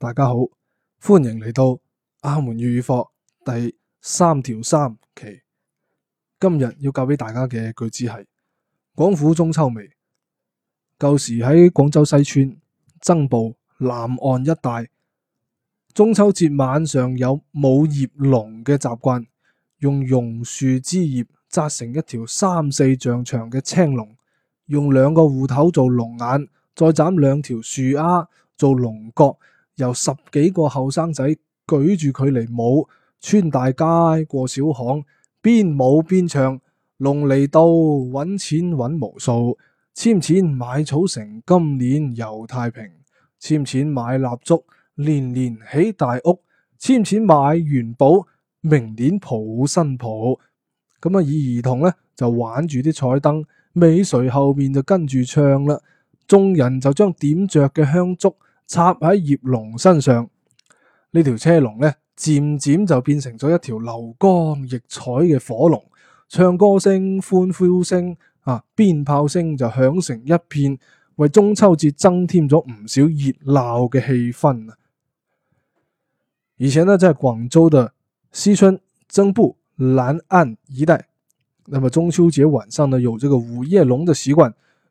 大家好，歡迎嚟到阿門粵語課第三條三期。今日要教俾大家嘅句子係：廣府中秋味。舊時喺廣州西村、增埗、南岸一帶，中秋節晚上有舞葉龍嘅習慣，用榕樹枝葉紮成一條三四丈長嘅青龍，用兩個芋頭做龍眼，再斬兩條樹丫做龍角。由十幾個後生仔舉住佢嚟舞，穿大街過小巷，邊舞邊唱。龍嚟到揾錢揾無數，籤錢買草繩，今年又太平。籤錢買蠟燭，年年起大屋。籤錢買元寶，明年抱新抱。咁啊，以兒童呢，就玩住啲彩燈，尾隨後面就跟住唱啦。眾人就將點着嘅香燭。插喺葉龍身上，呢條車龍咧，漸漸就變成咗一條流光溢彩嘅火龍，唱歌聲、歡呼聲、啊鞭炮聲就響成一片，為中秋節增添咗唔少熱鬧嘅氣氛啊！以前呢，在、就是、廣州的西村增步、南岸一帶，那麼中秋節晚上呢，有這個舞葉龍的習慣。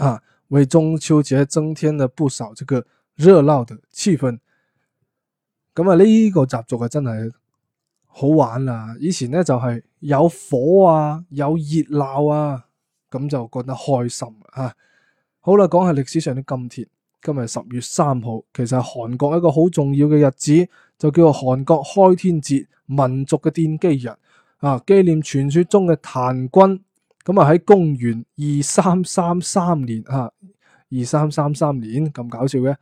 啊，為中秋節增添了不少這個熱鬧的氣氛。咁啊呢個習俗真係好玩啦，啊！以前呢，就係有火啊，有熱鬧啊，咁就覺得開心啊。啊好啦，講下歷史上的今天，今日十月三號，其實係韓國一個好重要嘅日子，就叫做韓國開天節，民族嘅奠基日啊，紀念傳說中嘅檀君。咁啊喺公元二三三三年吓，二三三三年咁搞笑嘅，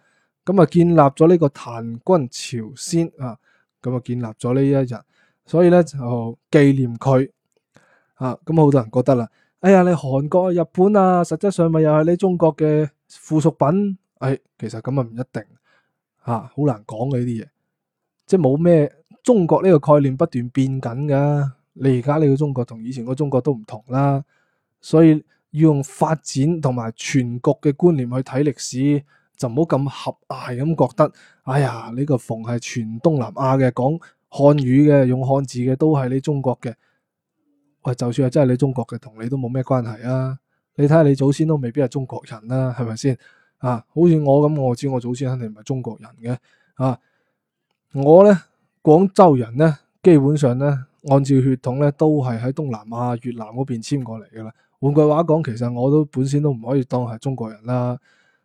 咁啊建立咗呢個檀君朝鮮啊，咁啊建立咗呢一日，所以咧就紀念佢啊，咁好多人覺得啦，哎呀你韓國、日本啊，實際上咪又係你中國嘅附屬品，哎，其實咁啊唔一定吓，好、啊、難講嘅呢啲嘢，即係冇咩中國呢個概念不斷變緊㗎。你而家呢個中國同以前個中國都唔同啦，所以要用發展同埋全國嘅觀念去睇歷史，就唔好咁狹隘咁覺得。哎呀，呢個逢係全東南亞嘅，講漢語嘅，用漢字嘅都係你中國嘅。喂，就算係真係你中國嘅，同你都冇咩關係啊。你睇下你祖先都未必係中國人啦，係咪先啊？好似我咁，我知我祖先肯定唔係中國人嘅啊。我呢，廣州人呢，基本上呢。按照血統咧，都係喺東南亞、越南嗰邊遷過嚟噶啦。換句話講，其實我都本身都唔可以當係中國人啦。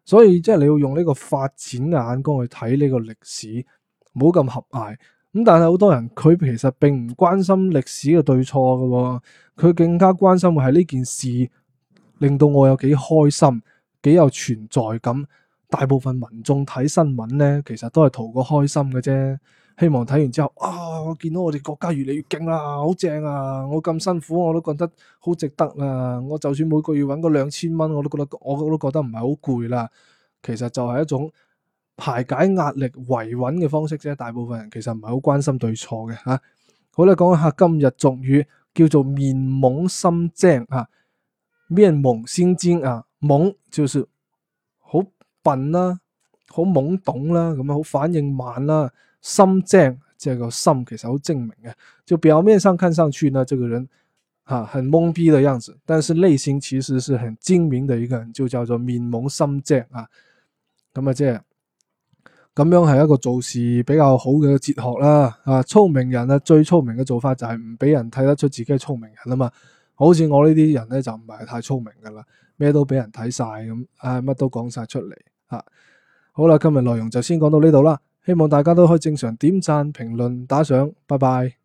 所以即係、就是、你要用呢個發展嘅眼光去睇呢個歷史，唔好咁狹隘。咁但係好多人佢其實並唔關心歷史嘅對錯嘅喎、啊，佢更加關心嘅係呢件事令到我有幾開心，幾有存在感。大部分民眾睇新聞呢，其實都係圖個開心嘅啫。希望睇完之後，啊！我見到我哋國家越嚟越勁啦，好正啊！我咁辛苦，我都覺得好值得啦。我就算每個月搵個兩千蚊，我都覺得我都覺得唔係好攰啦。其實就係一種排解壓力、維穩嘅方式啫。大部分人其實唔係好關心對錯嘅吓、啊。好啦，講一下今日俗語，叫做面懵心精啊。咩懵先精啊？懵就是好笨啦，好懵懂啦、啊，咁樣好反應慢啦、啊。心精，即係個心其實好精明嘅，就表面上看上去呢，這個人吓、啊，很懵逼的樣子，但是內心其實是很精明的一個人，就叫做面懵心精啊！咁啊、就是，即係咁樣係一個做事比較好嘅哲學啦。啊，聰明人啊，最聰明嘅做法就係唔俾人睇得出自己係聰明人啊嘛。好似我呢啲人咧，就唔係太聰明噶啦，咩都俾人睇晒咁，啊，乜都講晒出嚟啊！好啦，今日內容就先講到呢度啦。希望大家都可以正常點讚、評論、打賞，拜拜。